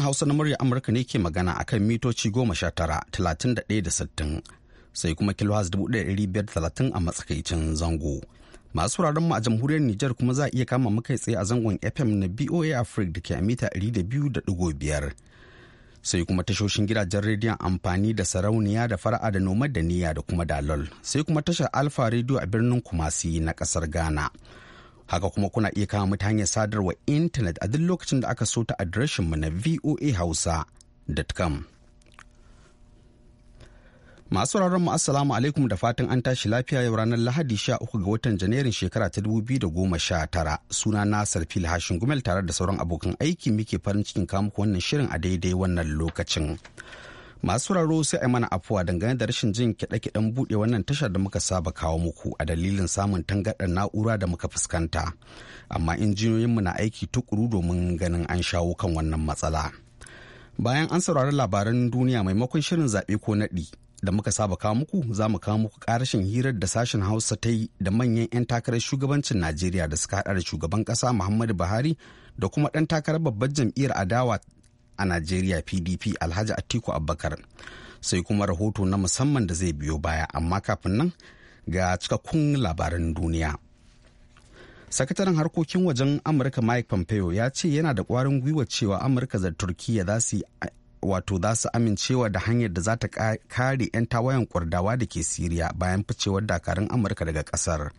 Hausa na murya Amurka ne ke magana a kan mitoci goma sha tara, talatin da ɗaya da sittin, sai kuma kilohaz dubu ɗaya ɗari biyar talatin a matsakaicin zango. Masu wuraren mu a jamhuriyar Nijar kuma za a iya kama muka tsaye a zangon FM na BOA Africa da ke a mita ɗari da biyu da ɗigo biyar. Sai kuma tashoshin gidajen rediyon amfani da sarauniya da fara'a da noma da niyya da kuma dalol. Sai kuma tashar Alfa Radio a birnin Kumasi na ƙasar Ghana. Haka kuma kuna iya kama mu ta hanyar sadarwa intanet a duk lokacin da aka so ta mu na voahausa.com. Masu sauraron mu assalamu alaikum da fatan an tashi lafiya yau ranar Lahadi 13 ga watan Janairun shekara ta 2019 suna na Sarfil Hashin Gumel tare da sauran abokan aiki muke farin cikin kamuka wannan shirin a daidai wannan lokacin. masu sauraro sai a mana afuwa dangane da rashin jin kiɗe-kiɗen buɗe wannan tashar da muka saba kawo muku a dalilin samun tangaɗar na'ura da muka fuskanta amma injiniyoyinmu na aiki tukuru domin ganin an shawo kan wannan matsala bayan an saurari labaran duniya maimakon shirin zaɓe ko naɗi da muka saba kawo muku za mu kawo muku ƙarashin hirar da sashen hausa ta yi da manyan 'yan takarar shugabancin najeriya da suka haɗa da shugaban ƙasa muhammadu buhari da kuma ɗan takarar babbar jam'iyyar adawa a najeriya pdp alhaji atiku abubakar sai kuma rahoto na musamman da zai biyo baya amma kafin nan ga cikakkun labaran duniya sakataren harkokin wajen amurka mike pompeo ya ce yana da kwarin gwiwa cewa amurka da turkiya za su wato za su amincewa da hanyar da za ta kare 'yan tawayen kwardawa da ke siriya bayan ficewar dakarun amurka daga kasar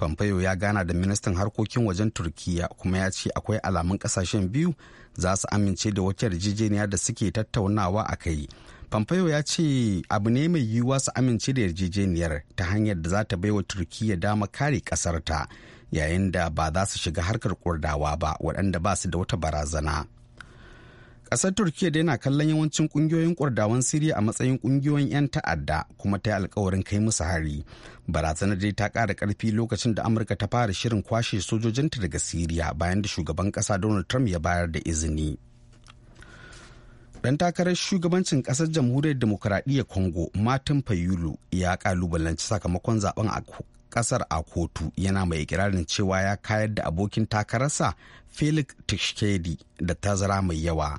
pompeo ya gana da ministan harkokin wajen Turkiyya kuma ya ce akwai alamun kasashen biyu za su amince da wata yarjejeniya da suke tattaunawa a kai pompeo ya ce abu ne mai yiwuwa su amince da yarjejeniyar ta hanyar da za ta baiwa turkiyya dama kare kasarta yayin da ba za su shiga harkar kurdawa ba waɗanda ba su da wata barazana kasar Turkiyya da yana kallon yawancin kungiyoyin ƙwardawan Siriya a matsayin kungiyoyin 'yan ta'adda kuma ta yi alkawarin kai musu hari. Barazanar dai ta kara ƙarfi lokacin da Amurka ta fara shirin kwashe sojojinta daga Siriya bayan da shugaban ƙasa Donald Trump ya bayar da izini. dan takarar shugabancin kasar jamhuriyar demokuraɗiyyar congo martin fayulu ya kalubalanci sakamakon zaben a kasar a kotu yana mai ikirarin cewa ya kayar da abokin takararsa felix tishkedi da tazara mai yawa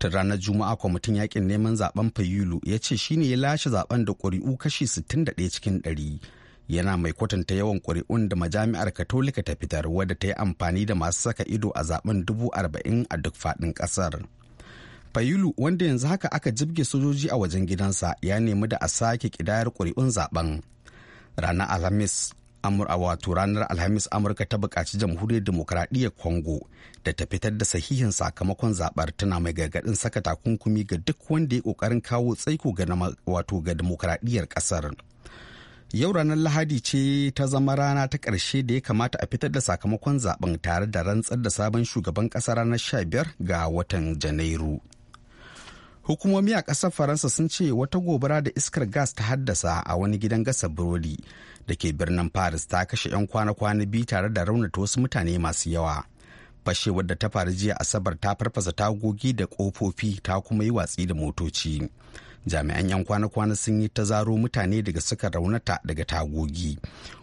ta ranar juma'a kwamitin yakin neman zaben fayulu ya ce shi ne ya lashe zaben da ƙuri'u kashi 61 cikin 100 yana mai kwatanta yawan ƙuri'un da majami'ar katolika ta fitar wadda ta yi amfani da masu saka ido a zaben dubu arba'in a duk faɗin ƙasar fayulu wanda yanzu haka aka jibge sojoji a wajen gidansa ya nemi da a sake ƙidayar ƙuri'un zaben ranar alhamis amurka wato ranar alhamis amurka ta buƙaci jamhuriyar demokradiyyar congo da ta fitar da sahihin sakamakon zaɓar tana mai gargaɗin saka takunkumi ga duk wanda ya ƙoƙarin kawo tsaiko ga wato ga demokradiyyar ƙasar yau ranar lahadi ce ta zama rana ta ƙarshe da ya kamata a fitar da sakamakon zaɓen tare da rantsar da sabon shugaban ƙasa ranar 15 ga watan janairu hukumomi a ƙasar faransa sun ce wata gobara da iskar gas ta haddasa a wani gidan gasa burodi da ke birnin paris ta kashe 'yan kwana-kwana biyu tare da raunata wasu mutane masu yawa fashewar da ta faru jiya asabar ta farfasa tagogi da kofofi ta kuma yi watsi da motoci jami'an 'yan kwana-kwana sun yi ta zaro mutane daga suka raunata daga tagogi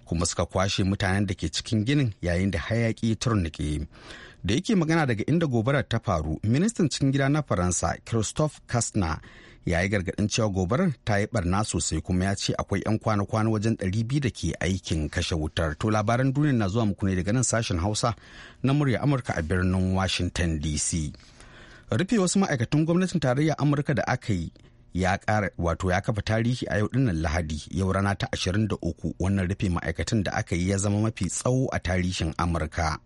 kuma suka kwashe mutanen da ke cikin ginin yayin da hayaki turnike da yake magana daga inda gobarar ta faru ministan cikin gida na faransa christophe kastner ya yi gargaɗin cewa gobarar ta yi barna sosai kuma ya ce akwai 'yan kwana-kwana wajen 200 da ke aikin kashe wutar to labaran duniya na zuwa muku ne daga nan sashen hausa na murya amurka a birnin washington dc rufe wasu ma'aikatan gwamnatin tarayya amurka da aka yi ya ƙara wato ya kafa tarihi a yau dinnan lahadi yau rana ta 23 wannan rufe ma'aikatan da aka yi ya zama mafi tsawo a tarihin amurka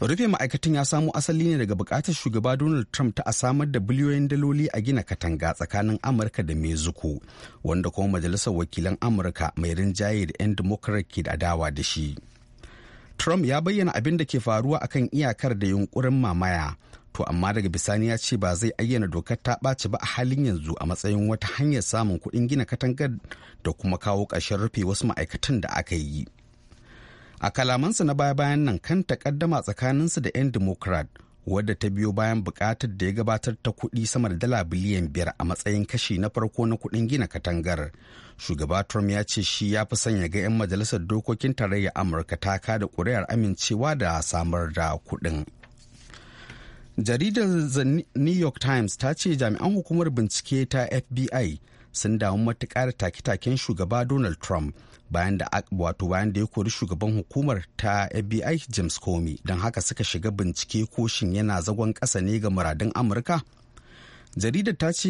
rufe ma'aikatan ya samo asali ne daga bukatar shugaba donald trump ta a samar da biliyoyin daloli a gina katanga tsakanin amurka da mexico wanda kuma majalisar wakilan amurka mai rinjaye da 'yan democrat ke da adawa da shi trump ya bayyana abin da ke faruwa akan iyakar da yunkurin mamaya to amma daga bisani ya ce ba zai ayyana dokar ta ɓaci ba a halin yanzu a matsayin wata hanyar samun kuɗin gina katangar da kuma kawo ƙarshen rufe wasu ma'aikatan da aka yi a kalamansa na baya-bayan nan kan takaddama tsakaninsa da 'yan democrat wadda ta biyo bayan bukatar da ya gabatar ta kuɗi sama da dala biliyan biyar a matsayin kashi na farko na kuɗin gina katangar shugaba trump ya ce shi ya fi sanya ga 'yan majalisar dokokin tarayya amurka ta ka da kuri'ar amincewa da samar da kuɗin jaridar the new york times ta ce jami'an hukumar bincike ta fbi sun damu matuƙa da take-taken shugaba donald trump bayan da wato bayan da ya kori shugaban hukumar ta fbi james comey don haka suka shiga bincike ko shin yana zagon ƙasa ne ga muradun amurka jaridar ta ce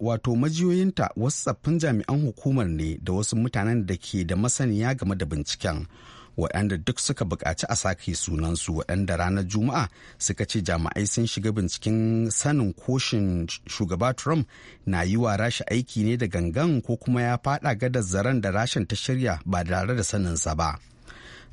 wato majiyoyinta wasu tsaffin jami'an hukumar ne da wasu mutanen da ke da masaniya game da binciken waɗanda duk suka buƙaci a sake sunansu waɗanda ranar juma'a suka ce jami'ai sun shiga binciken sanin koshin shugaba trump na yi wa rasha aiki ne da gangan ko kuma ya faɗa gadar zaren da rashin ta shirya ba tare da saninsa ba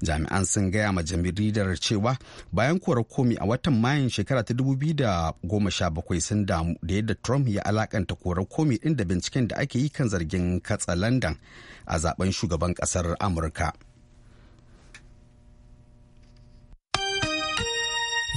jami'an sun gaya ma jamiridar cewa bayan korar komi a watan mayun shekara ta 2017 sun damu da yadda trump ya alakanta korar komi din da binciken da ake yi kan zargin katsa london a zaben shugaban kasar amurka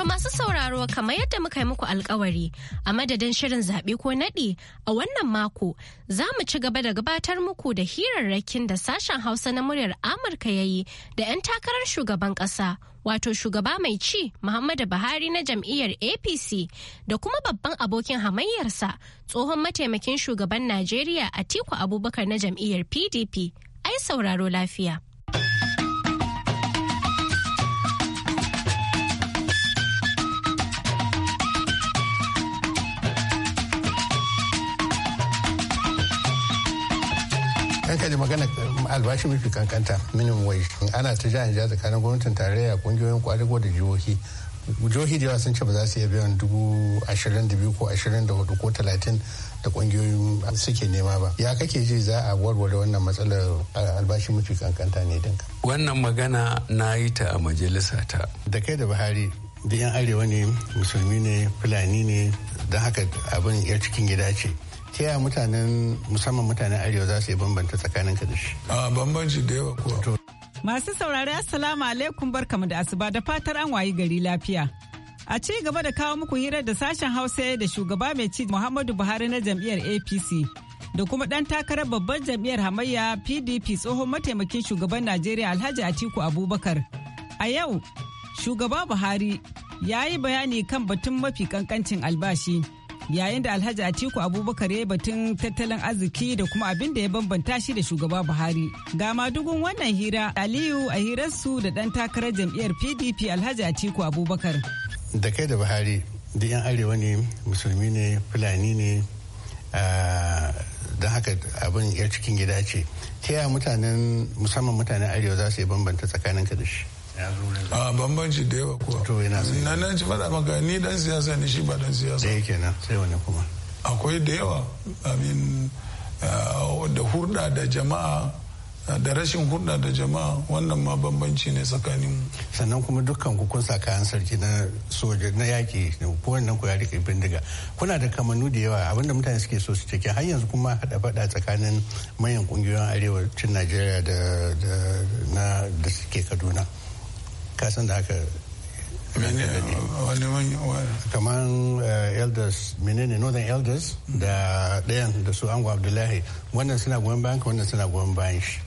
To masu sauraro kamar yadda muka yi muku alkawari a madadin shirin zaɓe ko naɗi a wannan mako za mu ci gaba da gabatar muku da hirarrakin da sashen Hausa na muryar Amurka ya yi da 'yan takarar shugaban ƙasa wato shugaba mai ci Muhammadu Buhari na jam'iyyar APC da kuma babban abokin hamayyarsa tsohon mataimakin shugaban Najeriya Atiku Abubakar na jam'iyyar PDP. Ai sauraro lafiya. da magana um, albashi mafi kankanta minimum wage ana ta jihar ja tsakanin gwamnatin tarayya kungiyoyin kwadago da jihohi jihohi da yawa sun ce ba za su iya biyan dubu ashirin da biyu ko ashirin da hudu ko talatin da kungiyoyin suke nema ba ya kake ji za a warware wannan matsalar albashi mafi kankanta ne dinka wannan magana na yi ta a majalisa ta da kai da buhari da yan arewa ne musulmi ne fulani ne don haka abin yar cikin gida ce ta yaya mutanen musamman mutanen arewa za su yi bambanta tsakanin ka da shi a bambanci da yawa kuwa masu saurari assalamu alaikum barkamu da asuba da fatar an wayi gari lafiya a ci gaba da kawo muku hirar da sashen hausa da shugaba mai ci muhammadu buhari na jam'iyyar apc da kuma ɗan takarar babban jam'iyyar hamayya pdp tsohon mataimakin shugaban najeriya alhaji atiku abubakar a yau shugaba buhari ya yi bayani kan batun mafi kankancin albashi yayin da alhaji atiku abubakar ya batun tattalin arziki da kuma abin da ya bambanta shi da shugaba buhari ga madugun wannan hira aliyu a hirarsu da dan takarar jam'iyyar pdp alhaji atiku abubakar da kai da buhari da yan arewa ne musulmi ne fulani ne don haka abin ya cikin gida ce ta yaya mutanen musamman mutanen arewa za su yi bambanta ka da shi a bambanci da yawa kuwa to yana sai na nan ci faɗa maka ni dan siyasa ne shi ba dan siyasa da yake sai wani kuma akwai da yawa abin da hurda da jama'a da rashin hurda da jama'a wannan ma bambanci ne tsakanin sannan kuma dukkan ku kun sa kayan sarki na soja na ne ko wannan ku ya rike bindiga kuna da kamannu da yawa abinda mutane suke so su cikin har yanzu kuma hada fada tsakanin manyan kungiyoyin arewacin najeriya da na da suke kaduna kasan da aka kamar eh, elders menene northern elders hmm. da ɗayan da su ango abdullahi wannan suna goyon bayan wannan suna goyon bayan shi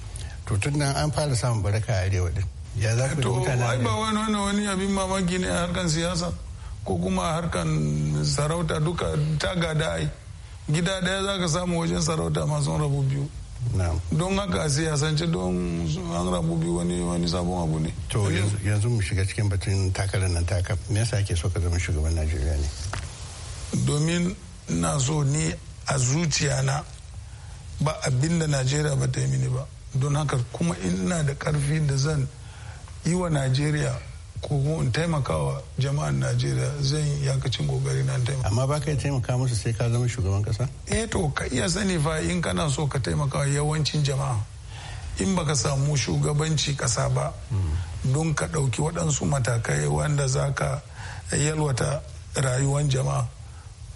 to tun nan an fara samun baraka a arewa din ya za ku mutane ai ba wani wani wani abin mamaki ne a harkan siyasa ko kuma a harkan sarauta duka ta gada ai gida daya za ka samu wajen sarauta masu rabu biyu don haka a siyasance don an rabu bi wani wani sabon abu ne to yanzu mu shiga cikin batun takarar nan takar me yasa ake so ka zama shugaban najeriya ne domin na so ni a zuciya na ba abin da najeriya ba ta yi mini ba don haka kuma ina da karfi da zan yi wa najeriya ko in taimakawa jama'an najeriya zan yi yakacin na taimaka amma ba ka taimaka musu sai ka zama shugaban kasa eh to ka iya sani fa in kana so ka taimakawa yawancin jama'a in baka samu shugabanci kasa ba don ka ɗauki waɗansu matakai wanda za ka yalwata rayuwan jama'a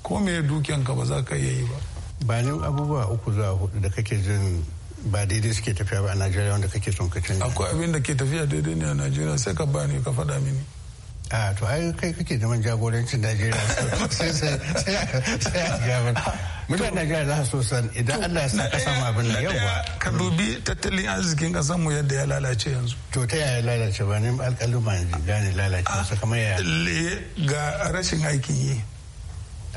ko me dukiyanka ba za ka iya yi ba bayan abubuwa uku zuwa hudu da kake jin ba daidai suke tafiya ba a najeriya wanda kake son ka canza akwai abin da ke tafiya daidai ne a najeriya sai ka bani ka faɗa mini a to ai kai kake zaman jagorancin najeriya sai sai sai a gaban mutane najeriya za su san idan allah ya sa kasa abin da yawa ka dubi tattalin arzikin kasan mu yadda ya lalace yanzu to ta yaya lalace ba ne alƙaluma yanzu gane lalace masa kamar ya ga rashin aikin yi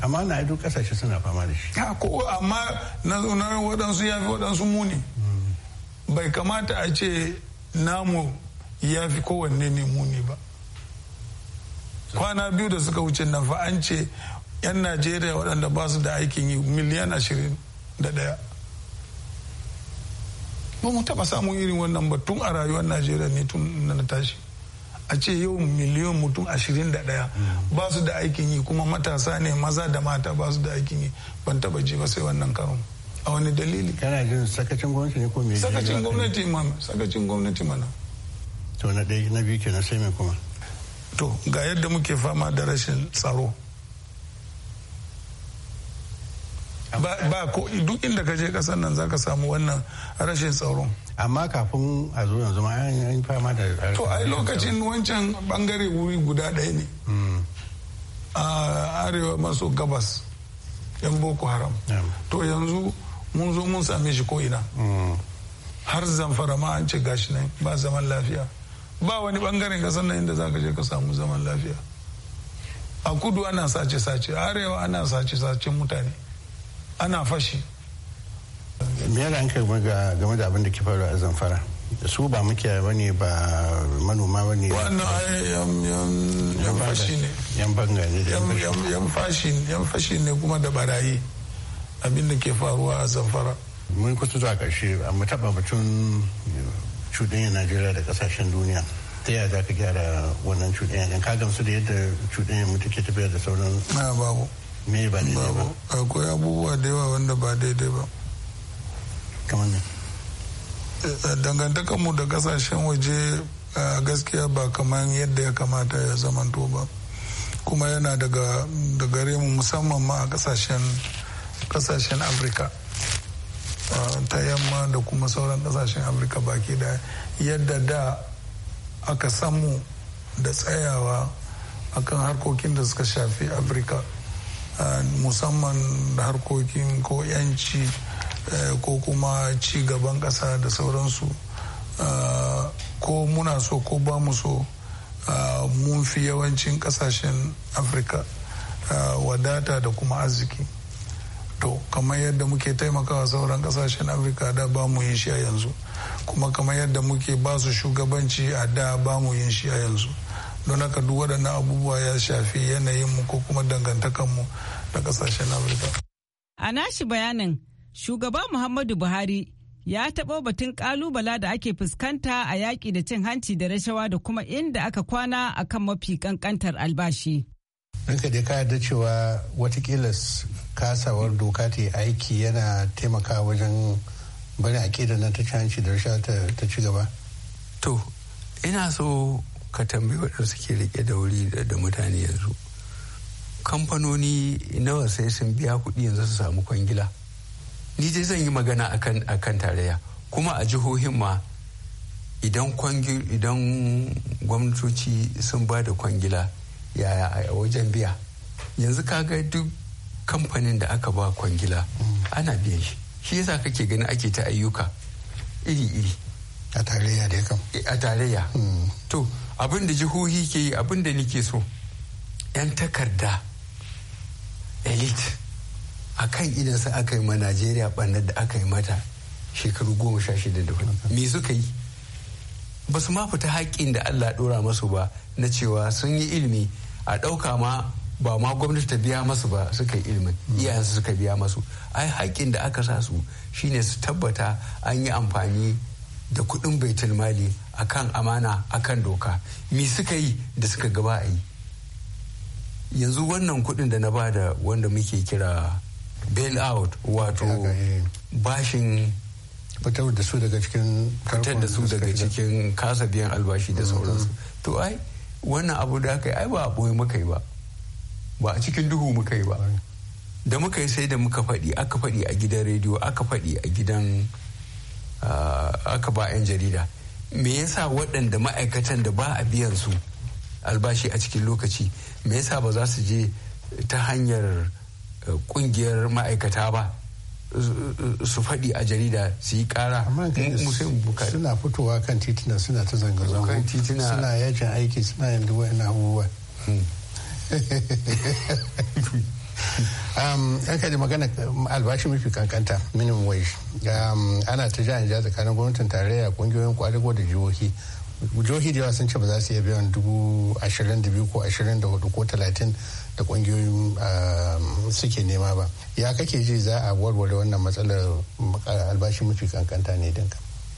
amma na ido kasashe suna fama da shi ko amma na waɗansu ya fi waɗansu muni bai kamata a ce namu ya fi kowanne ne muni ba kwana biyu da suka wuce na fa'ance 'yan najeriya waɗanda ba su da aikin yi miliyan ashirin da ɗaya ba mu taɓa samun irin wannan ba tun a rayuwar najeriya ne tun na tashi a ce yau miliyan mutum ashirin da ɗaya ba su da aikin yi kuma matasa ne maza da mata ba su da aikin yi ban taɓa ji ba sai wannan karon a wani dalili kana jin sakacin gwamnati ne ko me sakacin gwamnati mana sakacin gwamnati mana to na ɗaya na biyu kenan sai me kuma to ga yadda muke fama da rashin tsaro ba ko duk inda ka je kasan nan ka samu wannan rashin tsaron amma kafin a zo yanzu ma an fama da to ai lokacin wancan bangare wuri guda ɗaya ne hmm. a arewa maso gabas yan boko haram to yanzu mun zo mun same shi ko ina mm. har zamfara ma an ce gashi nan ba zaman lafiya ba wani bangaren kasan nan inda zaka je ka samu zaman lafiya a kudu ana sace sace arewa ana sace sace mutane ana fashi me yana kai game da abin da ke faru a zamfara su ba makiyaya bane ba manoma bane wannan yan fashi ne yan banga ne yan fashi ne kuma da barayi abin da ke faruwa a zamfara mun kusa zuwa ƙarshe mu taɓa batun cuɗanyar najeriya da ƙasashen duniya ta yaya za ka gyara wannan cuɗanyar ɗin ka gamsu da yadda cuɗanyar mu take tafiya da sauran na babu me ba ne ba akwai abubuwa da yawa wanda ba daidai ba kamar ne eh, dangantakar mu da ƙasashen waje gaskiya ba kamar yadda ya kamata ya zamanto ba kuma yana daga gare mu musamman ma a ƙasashen kasashen afirka ta yamma da kuma sauran kasashen afirka baki da yadda da aka samu da tsayawa akan harkokin da suka shafi afirka musamman da harkokin ko 'yanci e, ko kuma ci gaban ƙasa da sauransu ko muna so ko ba mu so mun fi yawancin ƙasashen afirka wadata da kuma arziki to kamar yadda muke taimakawa sauran kasashen afirka da ba mu yin shi a yanzu kuma kamar yadda muke ba su shugabanci a da ba mu yin shi a yanzu don haka duk waɗannan abubuwa ya shafi yanayinmu ko kuma dangantakanmu da kasashen afirka a nashi bayanin shugaban muhammadu buhari ya taɓa batun ƙalubala da ake fuskanta a yaƙi da cin hanci da rashawa da kuma inda aka kwana akan mafi ƙanƙantar albashi. Ranka dai ka yarda cewa watakila kasawar doka ta aiki yana taimakawa wajen bari da na ta canci da rasha ta ci gaba? To, ina so ka tambayi waɗanda suke rike da wuri da mutane yanzu. Kamfanoni nawa sai sun biya kuɗi yanzu su samu kwangila. Ni dai zan yi magana a kan tarayya kuma a jihohin ma idan gwamnatoci sun ba da kwangila yaya a wajen biya yanzu kaga duk kamfanin da aka ba kwangila ana biyan shi shi yasa kake gani ake ta ayyuka iri-iri a tarayya da kam eh, a tarayya hmm. to abin da jihohi ke yi abin da nike so 'yan takarda elite a kan idan idansa aka yi ma najeriya bannar da aka yi mata shekaru goma sha shida da hudu me suka yi ba su ma fita haƙƙin da allah ɗora masu ba na cewa sun yi ilimi a ɗauka ma ba ma gwamnati ta biya masu ba suka yi ilimin mm. iyayensu suka biya masu ai haƙƙin da aka sa su shine su tabbata an yi amfani da kuɗin baitul mali akan amana akan doka me suka yi da suka gaba a yi yanzu wannan kuɗin da na bada wanda muke kira bail out wato eh. bashin fitar da su daga cikin fitar da su daga cikin kasa biyan albashi da mm-hmm. sauransu to ai wannan abu da aka yi ai ba a muka yi ba ba a cikin duhu muka yi ba da muka yi sai da muka faɗi aka faɗi a gidan rediyo aka faɗi a gidan ah, aka ba 'yan jarida me yasa waɗanda ma'aikatan da ba a biyan su albashi a cikin lokaci me yasa ba za su je ta hanyar kungiyar eh, ma'aikata ba su faɗi a jarida su yi ƙara eh, suna fitowa kan titina suna ta zanga-zanga suna yajin aiki suna yin duwa ina abubuwa yanka hmm. um, da magana albashi mafi kankanta minimum wage um, ana ta ja ja tsakanin gwamnatin tarayya kungiyoyin kwadago da jihohi jihohi da yawa sun ce ba za su iya biyan dubu ashirin da biyu ko ashirin da hudu ko talatin da kungiyoyin um, suke nema ba ya kake ji za a warware wannan matsalar uh, albashi mafi kankanta ne dinka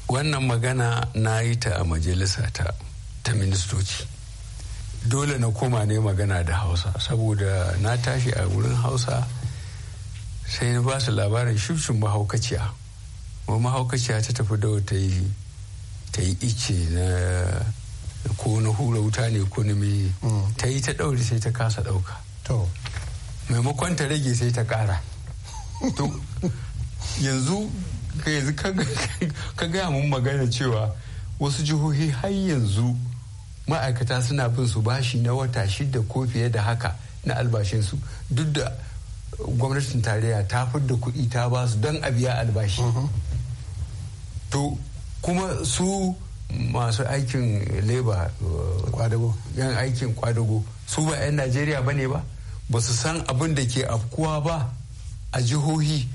wannan magana na yi ta a majalisa ta ta ministoci dole na koma ne magana da hausa saboda na tashi a wurin hausa sai na ba su labarin shushin mahaukaciya wa mahaukaciya ta tafi da wata yi ta yi ice na ko na hura wuta ne ko na mai mm. ta yi ta ɗaure sai ta kasa ɗauka maimakon ta rage sai ta ƙara to yanzu ka gaya mun magana cewa wasu jihohi har yanzu ma'aikata suna bin su bashi na wata shida ko fiye da haka na albashinsu duk da gwamnatin tarayya ta da kuɗi ta ba su don a biya albashi mm-hmm. to kuma su masu aikin leba eh, kwadago yan aikin kwadago su ba 'yan najeriya ba ne ba ba su san abin da ke afkuwa ba a jihohi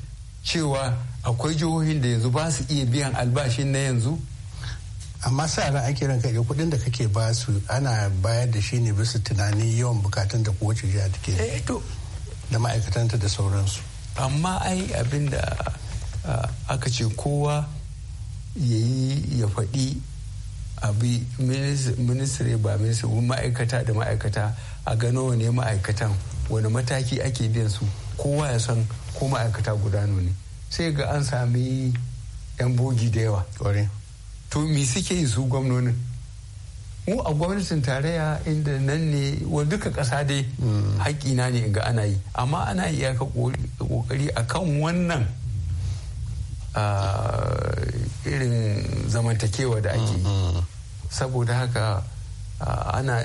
cewa akwai jihohin da yanzu ba su iya biyan albashin na yanzu amma sa ran ake ran kai kuɗin da kake ba su ana bayar da shi ne bisa tunanin yawan bukatun da kowace da ke eh, da ma'aikatanta da sauransu amma ai abin da eh, aka ce kowa ya yi ya faɗi abi ministry ba ministry ma'aikata da ma'aikata a gano ne ma'aikatan wani mataki ake biyan su kowa ya san ko ma'aikata guda ne sai ga an sami yan bogi da yawa to me suke yi su gwamnonin mu a gwamnatin tarayya inda nan ne wa duka ƙasa dai mm. haƙina ne ga ana yi amma ana iyaka ƙoƙari a kan wannan ah, irin zamantakewa da ake yi mm-hmm. saboda haka ana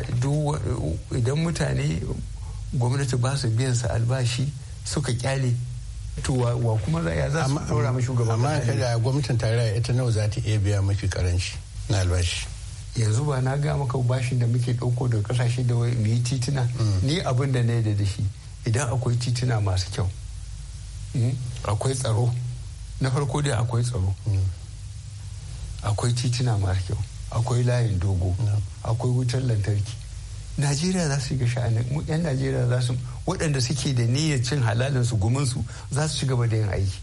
idan mutane gwamnati ba su biyan su albashi suka kyale To wa kuma ya za su ɗora mu shugaban amma kada gwamnatin tarayya ita nawa za ta iya biya mafi karanci na albashi yanzu ba na ga maka bashin da muke ɗauko daga kasashe da mu yi titina mm. ni abin da na da shi idan akwai titina masu kyau hmm, akwai tsaro na farko dai akwai tsaro mm. akwai titina masu kyau akwai layin dogo akwai wutar lantarki najeriya za su yi sha'anin yan najeriya za su waɗanda suke da niyyar cin halalin su gumin su za su gaba da yin aiki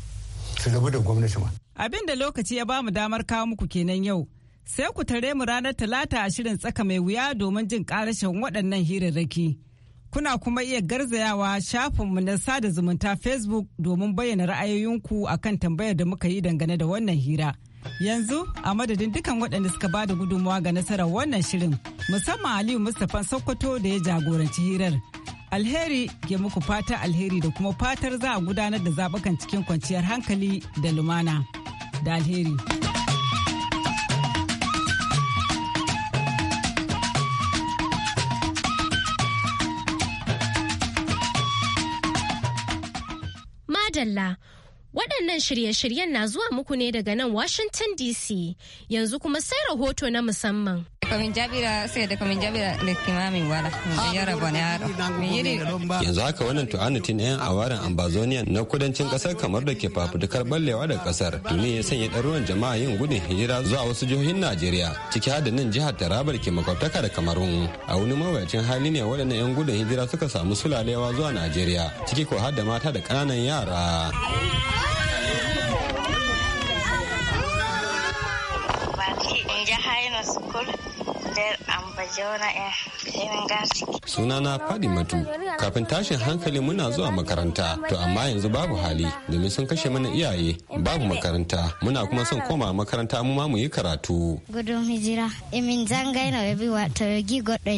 su rabu da gwamnati ma abin da lokaci ya bamu damar kawo muku kenan yau sai ku tare mu ranar talata a shirin tsaka mai wuya domin jin karashin waɗannan hirarraki kuna kuma iya garzayawa shafinmu na sada zumunta facebook domin bayyana ra'ayoyinku akan tambayar da muka yi dangane da wannan hira. Yanzu a madadin dukan waɗanda suka ba da gudunmawa ga nasarar wannan shirin musamman Aliyu Mustapha Sokoto da ya jagoranci hirar. Alheri ke muku fata alheri da kuma fatar za a gudanar da zaɓukan cikin kwanciyar hankali da lumana. Da alheri. Madalla. Waɗannan shirye-shiryen na zuwa muku ne daga nan Washington DC yanzu kuma sai rahoto na musamman. yanzu haka wannan tu'anatin yan awarin ambazonian na kudancin kasar kamar da ke fafutukar ballewa da kasar tuni ya sanya ɗaruwan jama'a yin gudun hijira zuwa wasu jihohin najeriya ciki har da nan jihar tarabar ke makwabtaka da kamarun a wani mawuyacin hali ne waɗannan yan gudun hijira suka samu sulalewa zuwa najeriya ciki ko har da mata da ƙananan yara School. sunana Ambajona matu matu, kafin tashin hankali muna zuwa makaranta to amma yanzu babu hali domin sun kashe mana iyaye babu makaranta muna kuma son koma makaranta mu ma mu yi karatu. Gudun hijira imin zanga ina wabi wa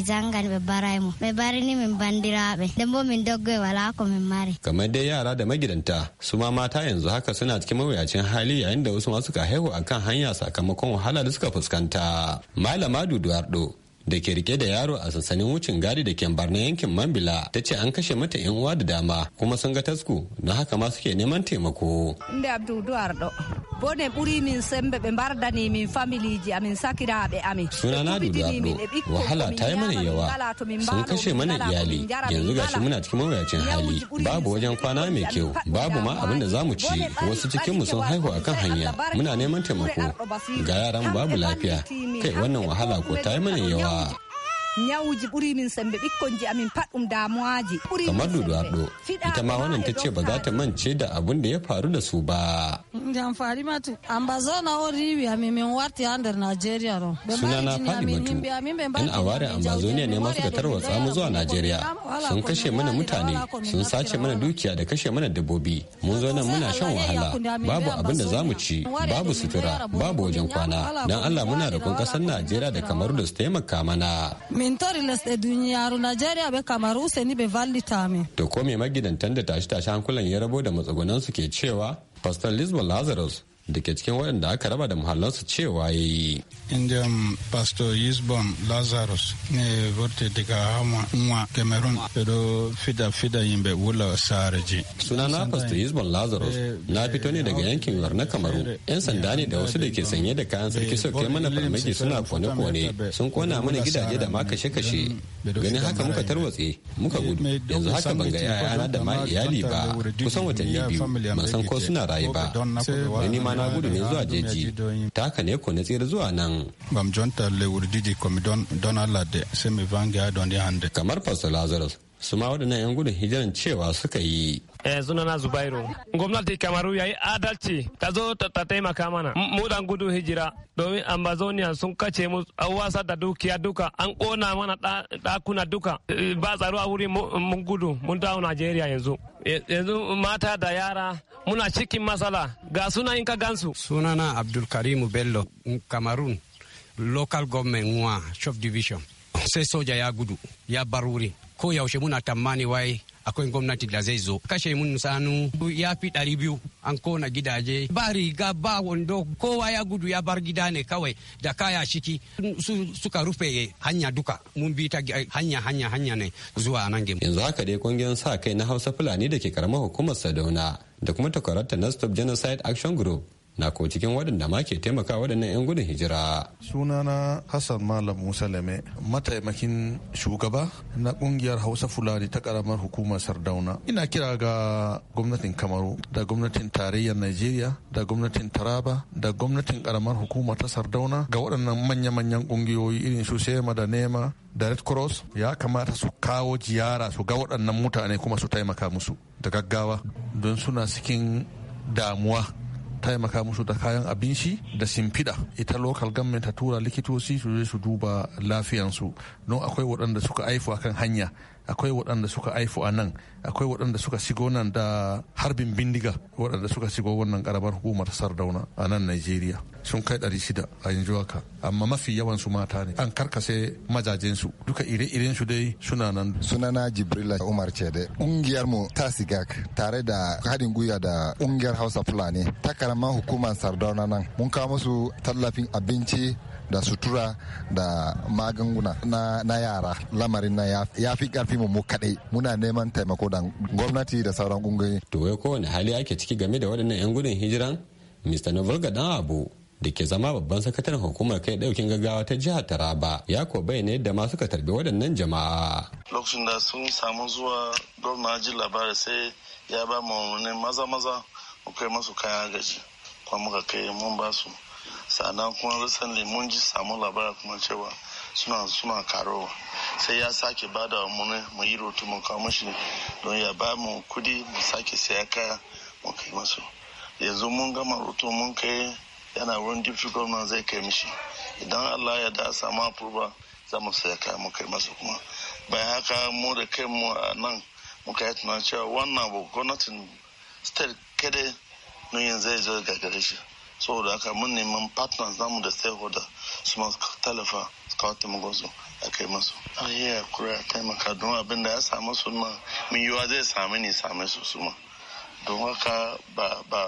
zanga ne barai mu mai bari ni min bandira be dan bo min wala ko min mare. Kamar dai yara da magidanta su ma mata yanzu haka suna cikin mawuyacin hali yayin da wasu ma suka haihu akan hanya sakamakon wahala da suka fuskanta. Malama Duduwar Duk da ke rike da yaro a sansanin wucin gadi da ke na yankin mambila ta ce an kashe mata yan uwa da dama kuma sun ga tasku na haka ma suke neman taimako inda abdul duwar do bone buri min sembe be da ni min family ji amin sakira be amin suna na dudu do wahala ta yi mana yawa sun kashe mana iyali yanzu gashi muna cikin mawuyacin hali babu wajen kwana mai kyau babu ma abin da zamu ci wasu cikin mu sun haihu akan hanya muna neman taimako ga yaran babu lafiya kai wannan wahala ko ta yi mana yawa nyawuji ɓuri min sembe ji amin pat ɗum damuwaji ɓuri kamar dudu ita ma wannan ta ce ba za ta mance da abun da ya faru da su ba ndio amfani matu ambazona oriwi amimin warti andar Nigeria ro na Fadi Matu yan aware ambazonia ne masu tarwa tsamu zuwa Najeriya sun kashe mana mutane sun sace mana dukiya da kashe mana dabbobi mun zo nan muna shan wahala babu abin da zamu ci babu sutura babu wajen kwana dan Allah muna kun kasar Najeriya da Kamaru da su taimaka mana min tori les e dunyaru nigeria be Kamaru se ni be vallita me to ko me magidantan da tashi tashi hankulan ya rabo da matsugunan su ke cewa Pastor Lisbon Lazarus da ke cikin waɗanda aka raba da muhallansu cewa ya yi. Indian Pastor Lisbon Lazarus ne vorte daga hama nwa Cameroon pero fida fida yin bai wula sareji. Sunana Pastor Lisbon Lazarus na fito ne daga yankin yuwar na Kamaru. Yan sanda ne da wasu da ke sanye da kayan sarki sau kai mana farmaki suna kone-kone sun kona mana gidaje da ma kashe-kashe. gani haka muka tarwatse muka gudu yanzu haka ban ga yayana da ma iyali ba kusan watanni biyu ban san ko suna rayu ba da ma na gudu ne zuwa jeji ta haka ne ko na tsira zuwa nan kamar pastor lazarus su ma waɗannan 'yan gudun hijiran cewa suka yi. Eh, sunana Zubairu. Gwamnati Kamaru ya yi adalci ta zo ta taimaka mana. Mu dan gudun hijira domin Amazonia sun kace mu an wasa da dukiya duka an kona mana ɗakuna duka eh, ba tsaro a wuri mun gudu mun dawo Najeriya yanzu. Eh, yanzu mata da yara muna cikin matsala ga suna in ka gansu. Sunana Abdulkarimu Bello Kamarun local government nwa chef division sai soja ya gudu ya bar wuri ko yaushe muna tammani wai akwai gwamnati da zai zo kashe mun sanu ya fi ɗari biyu an kona gidaje ba riga ba wando kowa ya gudu ya bar gida ne kawai da kaya shiki su suka rufe hanya duka mun bi ta hanya hanya hanya ne zuwa nan gemu yanzu haka dai kungiyar sa kai na hausa fulani da ke karamar hukumar sadauna da kuma takwarar ta stop genocide action group na ko cikin waɗanda ma ke taimaka waɗannan 'yan gudun hijira. Sunana Hassan Malam Musa Lame, mataimakin shugaba na ƙungiyar Hausa Fulani ta ƙaramar hukumar Sardauna. Ina kira ga gwamnatin Kamaru da gwamnatin tarayyar Najeriya da gwamnatin Taraba da gwamnatin ƙaramar hukumar ta Sardauna ga waɗannan manya-manyan kungiyoyi irin su Sema da Nema da Red Cross ya kamata su kawo ziyara su ga waɗannan mutane kuma su taimaka musu da gaggawa don suna cikin damuwa taimaka musu da kayan abinci da shimfiɗa ita lokal government ta tura likitoci su je su duba lafiyansu don akwai waɗanda suka aifu akan hanya akwai waɗanda suka aifu a nan akwai waɗanda suka shigo nan da harbin bindiga waɗanda suka shigo wannan karamar hukumar sardauna a nan najeriya sun kai ɗari shida a yanzu haka amma mafi yawan su mata ne an karkase majajen duka ire-iren su dai suna nan sunana jibrila umar cede ƙungiyar mu ta sigak tare da haɗin gwiwa da ƙungiyar hausa fulani ta karamar hukumar sardauna nan mun kawo musu tallafin abinci da sutura da magunguna na, yara lamarin na ya fi karfi mu kadai muna neman taimako da gwamnati da sauran kungiyoyi to wai kowane hali ake ciki game da waɗannan yan gudun hijiran mr novelga dan abu da ke zama babban sakataren hukumar kai daukin gaggawa ta jihar taraba ya ko bayyana yadda ma suka tarbi waɗannan jama'a lokacin da sun samu zuwa gwamna ji labari sai ya ba mu maza maza mu kai masu kayan agaji kuma muka kai mun ba su sannan kuma recently mun ji samu labarin kuma cewa suna suna karowa sai ya sake ba da mu mu yi rotu mu kawo mashi don ya ba mu kudi mu sake saya kaya mu kai masu yanzu mun gama rotu mun kai yana wurin district government zai kai mishi idan allah ya da samu approval za mu saya kaya mu kai masu kuma bayan haka mu da kai mu a nan muka yi tunan cewa wannan abu gwamnatin state kada nuyin zai zo gagare shi saboda haka mun neman partners namu da stakeholder su masu talafa su kawo taimakon su a kai masu a kura taimaka don abin da ya samu su ma min yiwa zai sami ne same su su ma don haka ba ba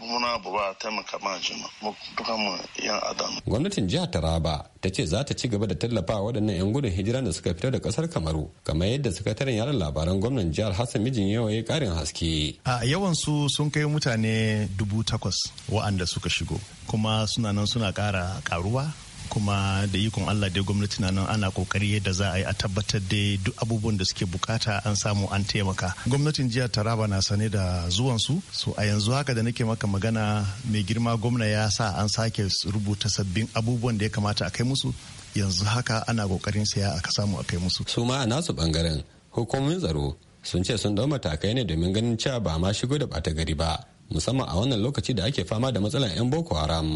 muna ba ba taimaka ma jima mu duka mu yan adam gwamnatin jihar Taraba ta ce za ta ci gaba da tallafa waɗannan yan gudun hijira da suka fito da ƙasar Kamaru kamar yadda sakataren yaran labaran gwamnan jihar Hassan Mijin yawa ya karin haske a yawan su sun kai mutane dubu takwas wa'anda suka shigo kuma suna nan suna ƙara karuwa kuma da ikon allah da gwamnati na nan ana kokari yadda za a yi a tabbatar da duk abubuwan da suke bukata an samu an taimaka gwamnatin jihar taraba na sane da zuwan su so a yanzu haka da nake maka magana mai girma gwamna ya sa an sake rubuta sabbin abubuwan da ya kamata a kai musu yanzu haka ana kokarin saya aka samu a kai musu su ma a nasu bangaren hukumomin tsaro sun ce sun dau matakai ne domin ganin cewa ba ma shigo da bata gari ba musamman a wannan lokaci da ake fama da matsalar 'yan boko haram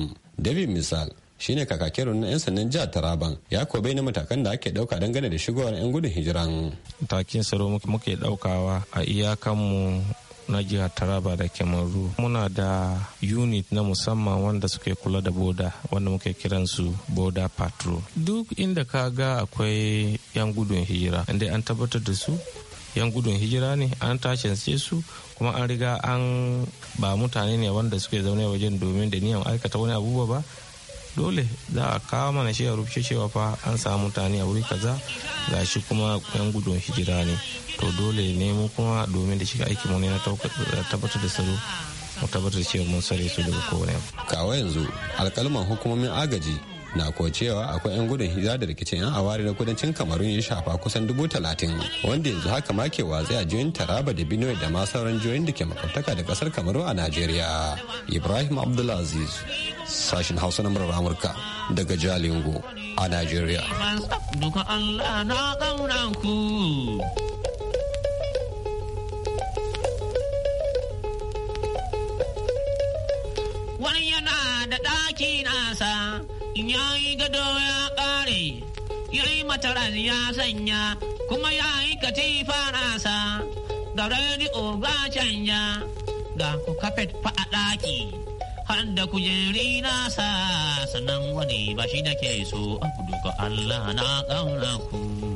david misal shine kakakin na 'yan sandan jihar taraban ya ko na matakan da ake dauka dangane da shigowar 'yan gudun hijiran takin tsaro muke daukawa a iyakanmu na jihar taraba da kyamaru muna da unit na musamman wanda suke kula da boda wanda muke kiransu boda patrol duk inda ka ga akwai yan gudun hijira inda an tabbatar da su yan gudun hijira ne an tashince su kuma an riga an ba mutane ne wanda suke zaune wajen domin da niyan aikata wani abubuwa ba dole za a kawo mana shi a rubuce cewa fa an samu mutane a wuri kaza ga shi kuma yan gudun hijira ne to dole ne mu kuma domin da shiga aiki ne na tabbatar da tsaro mu tabbatar da cewa mun sare su daga kowane kawai yanzu alkalman hukumomin agaji na ko cewa akwai 'yan gudun hijira da rikicin 'yan awari na kudancin kamarun ya shafa kusan dubu talatin wanda yanzu haka ma ke watsi a jiyoyin taraba da benue da ma sauran jiyoyin da ke makwabtaka da kasar kamaru a nigeria ibrahim abdulaziz sashin hausa na murar amurka daga jalingo a nigeria wani yana da ɗaki nasa ya yi gado ya ƙare ya yi ya sanya kuma ya yi katifa rasa ga rediyo ga canja ga ku kafet fa a ɗaki har da kujeri nasa sannan wani ba shi da ke so a Allah na ƙaunaku. ku.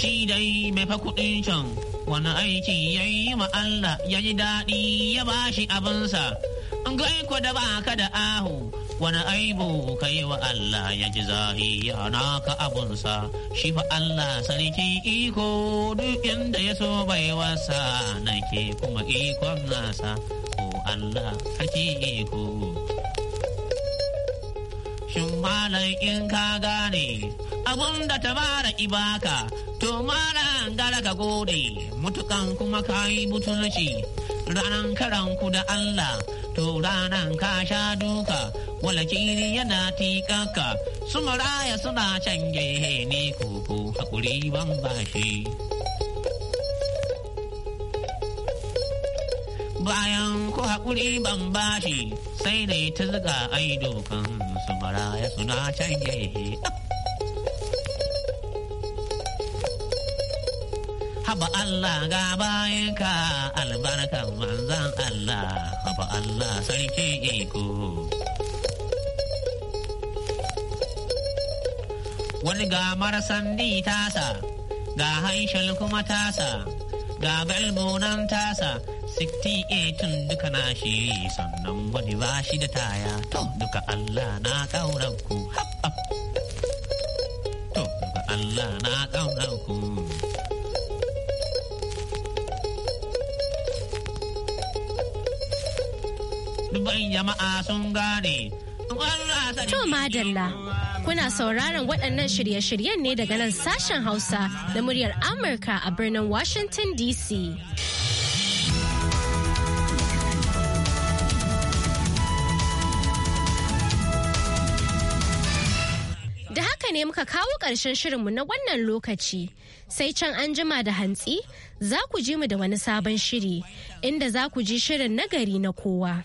shi dai mai fa kuɗin can wani aiki ya yi ma Allah ya ji daɗi ya ba shi abinsa ga ku da ba ka da ahu wani aibu ka yi wa Allah ya ji zahi ya naka abunsa shi fa Allah sarki iko duk inda ya so bai wasa nake kuma ikon nasa ko Allah sarki iko shin malam in ka gane abun da ta bara ibaka To mara gara ka gode, mutukan kuma ka yi butunci ranan karanku da Allah, to ranan ka sha duka, wala kiri yana tikaka, su maraya suna can gehe ne koko hakuri ban bashi. Bayan ku hakuri ban bashi, sai dai ta zuga ai dokan su maraya suna can gehe. haba Allah ga bayanka albarkar manzan Allah haba Allah sarki iko wani ga marasan ni tasa ga haishal kuma tasa ga galbonan tasa 68 duka na shi sannan wani ba shi da taya to duka Allah na ƙaunar ku Allah na ƙaunar dubban jama'a sun gane. To Madalla, kuna sauraron waɗannan shirye-shiryen ne daga nan sashen Hausa na muryar Amurka a birnin Washington DC. Da haka ne muka kawo ƙarshen shirinmu na wannan lokaci. sai can an jima da hantsi za ku ji mu da wani sabon shiri inda za ku ji shirin nagari na kowa.